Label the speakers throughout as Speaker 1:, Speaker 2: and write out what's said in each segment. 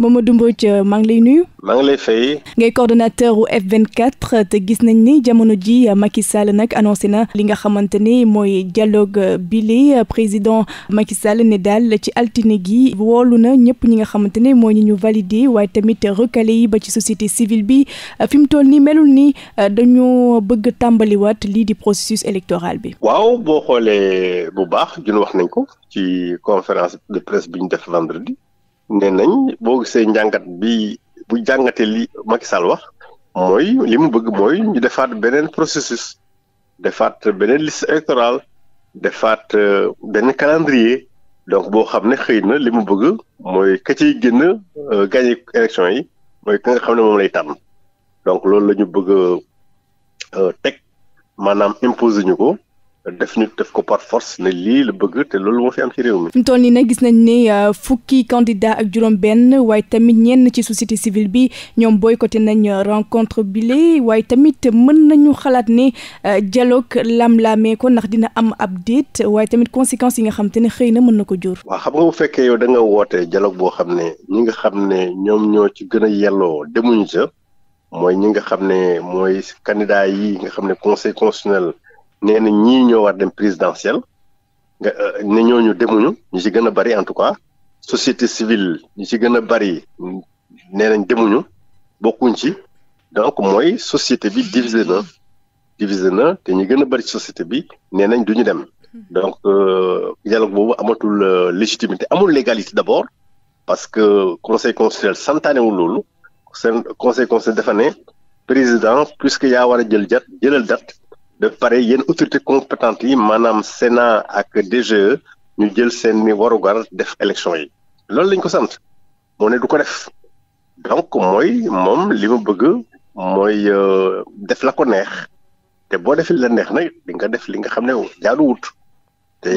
Speaker 1: Mamadou Mbodj euh, maa ngi lay nuyu.
Speaker 2: maa ngi lay fay.
Speaker 1: ngay coordinateur u f euh, te gis nañ ni jamono ji euh, Macky Sall nag annoncé na li nga xamante ni mooy dialogue bi li président Macky Sall ne daal ci altine gi woolu na ñëpp ñi nga xamante ne mooy ñi ñu validé waaye tamit recalé yi ba ci société civile bi fi mu toll nii melul ni dañoo bëgg tàmbaliwaat lii di processus électoral bi.
Speaker 2: waaw boo xoolee bu baax jun wax nañ ko ci conférence de presse bi ñu def vendredi. nee nañ boo gisee njàngat bi bu jàngatee li Macky Sall wax mooy li mu bëgg mooy ñu defaat beneen processus defaat beneen liste électorale defaat euh, benn calendrier donc boo xam ne xëy na li mu bëgg mooy ka ciy génn euh, gagné élection yi mooy ka nga xam ne moom lay tànn donc loolu lañu bëgg euh, teg maanaam imposé ñu ko. def nit def ko par force ne lii la bëgg te loolu moo fi am ci réew mi.
Speaker 1: nii nag gis nañ ne euh, fukki candidat ak juróom-benn waaye tamit ñenn ci société civile bi ñoom booy boycotté nañ euh, rencontre bile waaye tamit mën nañu xalaat ne euh, jaloog lam-lamee ko ndax dina am ab déet waaye tamit conséquences yi nga xam te ne xëy na mën na ko jur.
Speaker 2: waaw xam nga bu fekkee yow da nga woote dialogue boo xam ne ñi nga xam ne ñoom ñoo ci gën a yelloo demuñu ca mooy ñi nga xam ne mooy candidat yi nga xam ne conseil nee na ñii ñoo war dem présidentielle nga euh, ne ñooñu demuñu ñu ci gën a bari en tout cas société civile ñu ci gën a bari nee nañ demuñu bokkuñ ci donc mooy société bi divisé na divisé na te ñu gën a bari société bi nee nañ ñu dem donc euh, dialogue boobu amatul euh, légitimité amul légalité d'abord parce que conseil constitutionnel santaanewul loolu seen conseil constitutionnel dafa président puisque yaa war a jël jat jëlal date ba pare yéen autorités compétentes yi maanaam Sénat ak DGE ñu jël seen i warugar def élection yi loolu lañ ko sant moone du ko def donc mooy moom li ma bëgg mooy euh, def la ko neex te boo defee la neex na di nga def li nga xam ne jaaduwut te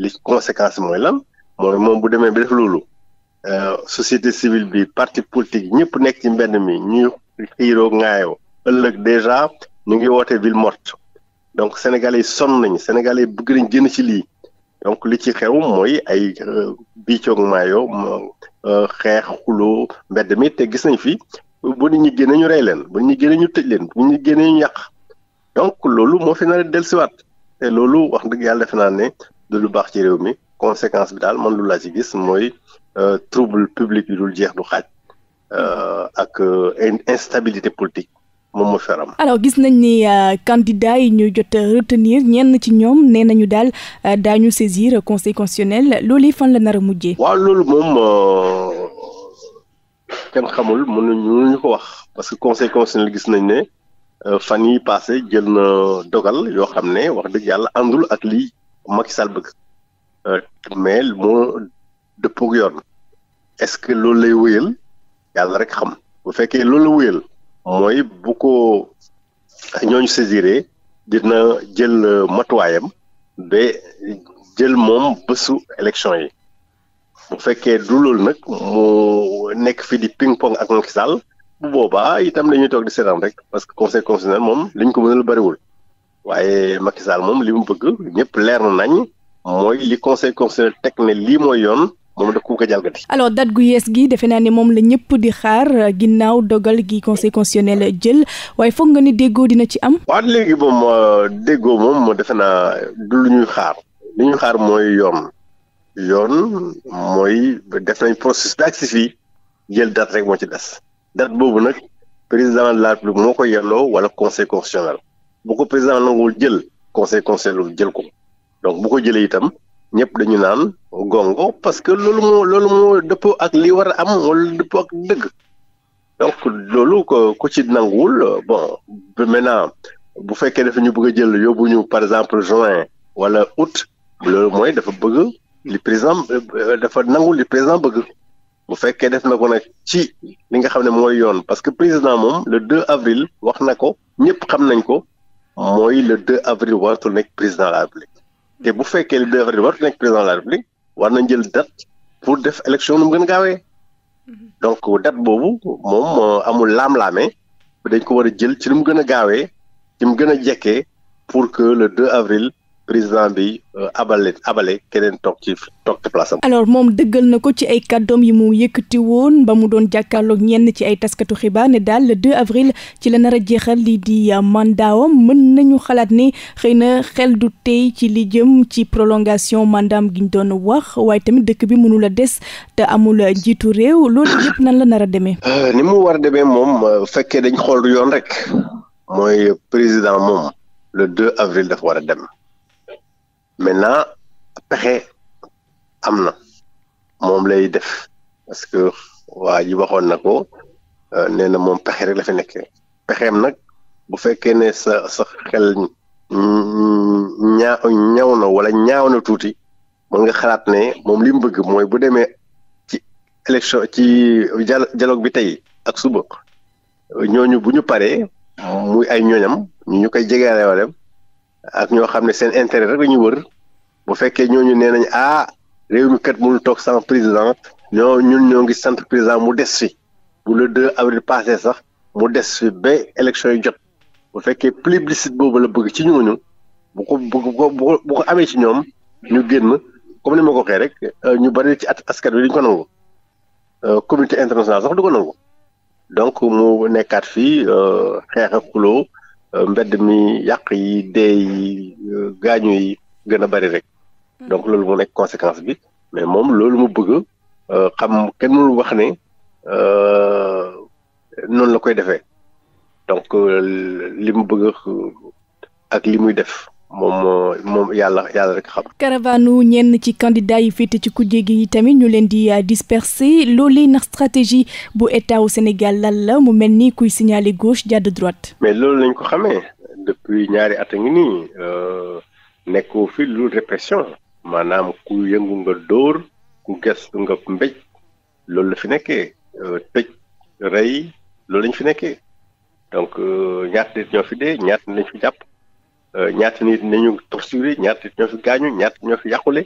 Speaker 2: li conséquence mooy lan mooy moom bu demee bi def loolu euh, société civile bi parti politique ñëpp nekk ci mbenn mi ñu xiiroo ŋaayoo ëllëg déjà ñu ngi woote ville morte donc sénégalais yi sonn nañu sénégalais yi bëgg nañ jënd ci lii donc li ci xew mooy ay euh, biicoog maayo euh, xeex xuloo mbedd mi te gis nañ fi bu nit ñi génne ñu rey leen bu nit ñi ñu tëj leen bu nit ñi génne ñu yàq donc loolu moo fi nar a te loolu wax dëgg yàlla defe naa ne du lu baax ci réew mi conséquence bi daal man lu laa ci gis mooy euh, trouble public yu dul jeex du xaaj ak instabilité politique. moom mooy feram
Speaker 1: alors gis nañ ni euh, candidat yi ñu jot retenir ñenn ci ñoom nee nañu daal euh, daañu saisir conseil constitutionnel loolu fan la nara a mujjee. waaw
Speaker 2: loolu moom euh, kenn xamul mun mënuñu ñu ko wax parce que conseil constitutionnel gis nañ ne fan yi passé jël na dogal yoo xam ne wax dëgg yàlla àndul ak lii Macky Sall bëgg mais moo dëppoog yoon est-ce que loolu lay wéyal yàlla rek xam bu fekkee loolu la wéyal. mooy bu ko ñooñu saisiré dina jël euh, matuwaayam ba jël moom bésu élection yi bu fekkee du loolu nag mu nekk fi di ping pong ak Macky Sall bu boobaa itam lañuy toog di seetaan rek parce que conseil constitutionnel moom liñ ko mënal bariwul waaye Macky moom li mu bëgg ñëpp leer nañ mooy li conseil constitutionnel teg ne lii mooy yoon moom da ku ko jalgati.
Speaker 1: alors date gu yees gi defe naa ne moom la ñëpp di xaar ginnaaw dogal gi conseil constitutionnel jël waaye foog nga ni déggoo dina ci am.
Speaker 2: waaw léegi moom euh, déggoo moom defe naa du lu ñuy xaar lu ñuy xaar mooy yoon. yoon mooy def nañ processus bi ak si fii jël date rek moo ci des date boobu nag président de la République moo ko yelloo wala conseil constitutionnel bu ko président nangul jël conseil constitutionnel jël ko donc bu ko jëlee itam ñëpp dañu naan gongo parce que loolu moo loolu moo dëppoo ak li war a am wala dëppoo ak dëgg donc loolu ko ku ci nanguwul bon maintenant bu fekkee dafa ñu bëgg a jël yóbbu ñu par exemple juin wala août loolu mooy dafa bëgg li président dafa nangu li président bëgg bu fekkee def na ko nag ci li nga xam ne mooy yoon parce que président moom le 2 avril wax na ko ñëpp xam nañ ko mooy le 2 avril waratu nekk président la République de bu fekkee li o heures war nekk président de la république war na jël date pour def élection nu mu gën a gaawee mhm. donc date boobu moom euh, amul laam-laame dañ ko war a jël ci lu mu gën a gaawee ci mu gën a jekkee pour que le 2 avril président bi euh, abale abale keneen toog ci toog ci place
Speaker 1: am. moom dëggal na ko ci ay kàddoom yi mu yëkkati woon ba mu doon jàkkaarloog ñenn ci ay taskatu xibaar ne daal le 2 avril ci la nar a jeexal lii di euh, mandaawam mën nañu xalaat ni xëy na xel du tey ci li jëm ci prolongation mandaam gi ñu doon wax waaye tamit dëkk bi mënula des te amula jiitu réew loolu yëpp nan la nar a demee.
Speaker 2: Euh, ni mu war a demee moom fekkee dañ xool yoon rek mooy président moom le a maintenant pexe am na moom lay def parce que waa ji waxoon na ko euh, nee na moom pexe rek la fi nekkee pexeem nag bu fekkee ne sa sa xel ñaa ñaw wala ñaaw na tuuti mën nga xalaat ne moom li mu bëgg mooy bu demee ci élection ci dialogue bi tey ak suba ñooñu buñu ñu paree muy ay ñooñam ñu ñu koy jegeale ak ñoo xam ne seen intérêt rek la ñu wër bu fekkee ñooñu nee nañ ah réew mi kat mënul toog sans président ñoo ñun ñoo ngi sant président mu des fi bu le 2 avril passé sax mu des fi ba élection yi jot bu fekkee plébiscite boobu la bëgg ci ñooñu bu ko bu ko bu ko amee ci ñoom ñu génn comme ni ma ko waxee rek euh, ñu bari ci at askan wi duñ ko nangu euh, communauté internationale sax du ko nangu donc nekkaat fii euh, xeex a xuloo Euh, mbedd mi yàq yi dee yi euh, gaañu yi gën a bari rek hmm. donc loolu moo nekk conséquence bi mais moom loolu mu bëgg euh, xam kenn mënul wax ne noonu la koy defee donc li mu bëgg ak li muy def moom moom yàlla yàlla rek xam.
Speaker 1: caravanu ñenn ci candidat yi féete ci ku kujje gi tamit ñu leen di euh, disperser loolee nax stratégie bu état wu Sénégal lan la mu mel ni kuy signaler gauche jàdd droite.
Speaker 2: mais loolu lañ ko xamee depuis ñaari at a ngi nii euh, nekkoo fi lu répression maanaam ku yëngu nga dóor ku gestu nga mbéj loolu la fi nekkee euh, tëj rey loolu lañ fi nekkee donc ñaata nit ñoo fi dee ñaata lañ fi jàpp. ñaata nit nañu torturé ñaata nit ñoo fi gaañu ñaata ñoo fi yàqule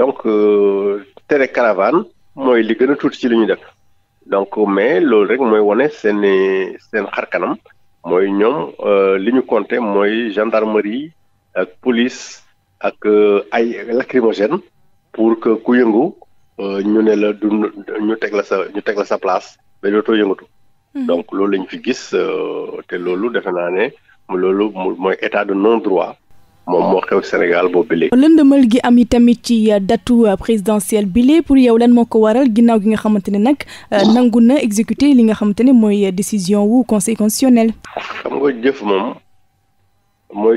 Speaker 2: donc euh, tere caravane mooy li gën tuuti ci li ñu def donc mais loolu rek mooy wane seen seen xar kanam mooy ñoom euh, li ñu compté mooy gendarmerie ak police ak euh, ay lacrymogène pour que ku yëngu ñu ne la du ñu teg la sa ñu teg sa place ba dootoo yëngatu hmm. donc loolu lañu fi gis te loolu defe naa ne loolu mooy état de non droit moom moo xew Sénégal boobu ba
Speaker 1: lëndëmal gi am tamit ci euh, datu euh, présidentielle bi lee pour yow lan moo ko waral ginnaaw gi nga xamante ne nag euh, nangu na exécuté li nga xamante ne mooy décision wu conseil constitutionnel.
Speaker 2: xam nga jëf moom mooy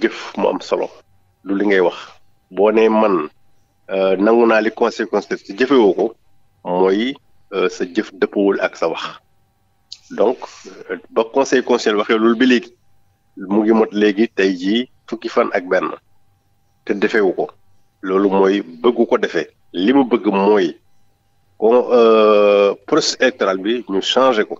Speaker 2: jëf mu solo li ngay wax boo nee man nangu naa li conseil constitutionnel ci jëfewoo ko mooy sa jëf dëppawul ak sa wax. donc ba conseil conseil waxee loolu bi léegi mu ngi mot léegi tey jii fukki fan ak benn te defewu ko loolu mooy bëggu ko defee li mu bëgg mooy kon euh, processus électoral bi ñu changé ko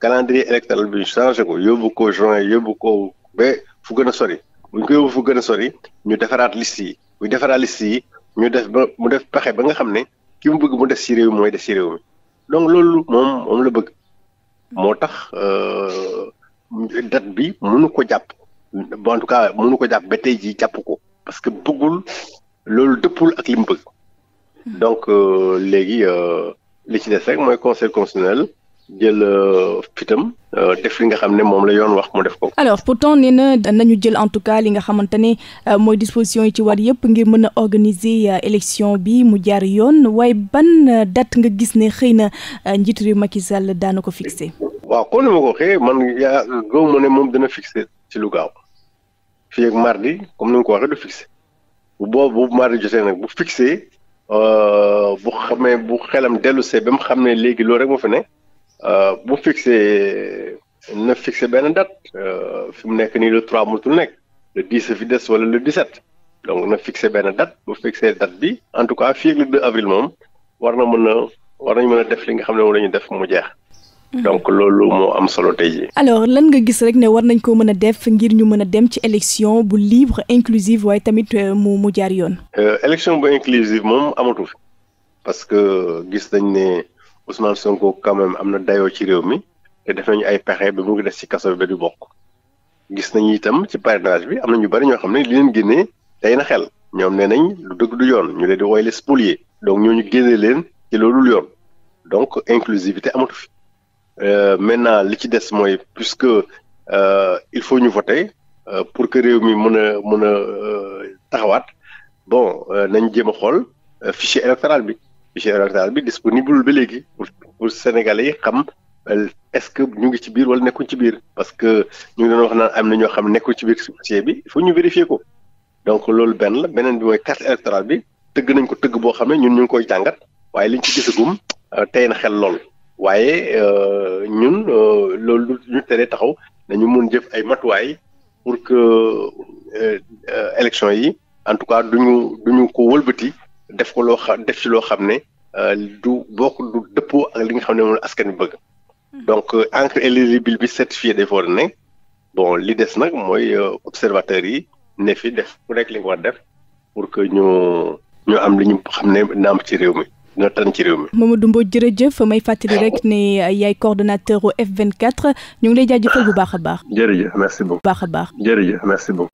Speaker 2: calendrier électoral bi ñu changé ko yóbbu ko juin yóbbu ko ba fu gën a sori bu ko yóbbu fu gën a sori ñu defaraat liste yi bu defaraat liste yi ñu def ba mu def pexe ba nga xam ne ki mu bëgg mu def si réew mi mooy def si réew mi donc loolu moom moom la bëgg. moo tax euh, date bi mënu ko jàpp en tout cas mënu ko jàpp ba tey jii jàpp ko parce que bëggul loolu dëppul ak li mu bëgg hmm. donc euh, léegi euh, li ci des rek mooy conseil constitutionnel jël euh, fitam euh, def li nga xam ne moom la yoon wax mu def ko.
Speaker 1: alors pourtant nee na nañu jël en tout cas li nga xamante ne euh, mooy disposition yi ci war yëpp ngir mën a organiser élection bi mu jaar yoon waaye ban date nga gis ne xëy na njiitu réew Macky Sall daana ko
Speaker 2: waaw kon ni ma ko waxee man yaa gëw moom dina fixé ci lu gaaw fii ak mardi comme ni nga ko waxee du fixé boobu bu mardi jotee nag bu fixé bu xamee bu xelam dellu see ba mu xam ne léegi loolu rek moo fa ne. Euh, bu fixé na fixé benn date euh, fi mu nekk nii le 3 mënatul nekk le 10 a fi des wala le 17 donc na fixé benn date bu fixé date bi en tout cas fii ak le 2 avril moom war na mën a war nañu mën a def li nga xam ne moom la ñu def mu jeex. Mhm. donc loolu moo am solo te jii.
Speaker 1: alors lan nga gis rek ne war nañ ko mën a def ngir ñu mën a dem ci élection bu libre inclusive waaye tamit euh, mu mu jaar yoon.
Speaker 2: élection bu inclusive moom amatul parce que gis nañ ne. Ousmane son quand même am na dayo ci réew mi te def nañu ay pexe ba mu ngi des ci kaso bi ba du bokk gis nañu itam ci parrainage bi am na ñu bari ñoo xam ne li leen génne day na xel ñoom nee nañ lu dëgg du yoon ñu leen di woy les spoliés ñoo ñu génne leen ci loolu yoon donc inclusivité amatu fi euh, maintenant li ci des mooy puisque euh, il faut ñu tey euh, pour que réew mi mën a mën a taxawaat bon nañ jéem a xool fichier électoral bi. général bi disponible ba léegi pour pour sénégalais yi xam euh, est-ce que ñu ngi ci biir wala nekkuñ ci biir parce que ñu ngi doon wax naan am na ñoo xam nekkuñ ci biir fichier bi il ñu vérifier ko donc loolu benn la beneen bi mooy carte électorale bi tëgg nañ ko tëgg boo xam ne ñun ñu ngi koy jàngat waaye liñ ci gisagum euh, tey na xel lool waaye euh, ñun loolu ñu teree taxaw nañu mun jëf ay matuwaay pour que élection yi en tout cas duñu duñu ko wëlbati. def ko loo xam def ci loo xam ne euh, du bokk du dëppoo ak li nga xam ne moom askan bi bëgg hmm. donc euh, encre éligible bi certifié des fois ne bon li des nag mooy euh, observateurs yi ne fi def ku rek li nga war def pour que ñu ñu am li ñu xam ne naam ci réew mi nga tànn ci réew mi.
Speaker 1: Mamadou Mbodj jërëjëf may fàttali rek ne yaay coordonnateur au F24 ñu ngi lay jaajëfal bu baax a baax.
Speaker 2: jërëjëf merci beaucoup. baax a baax jërëjëf merci beaucoup.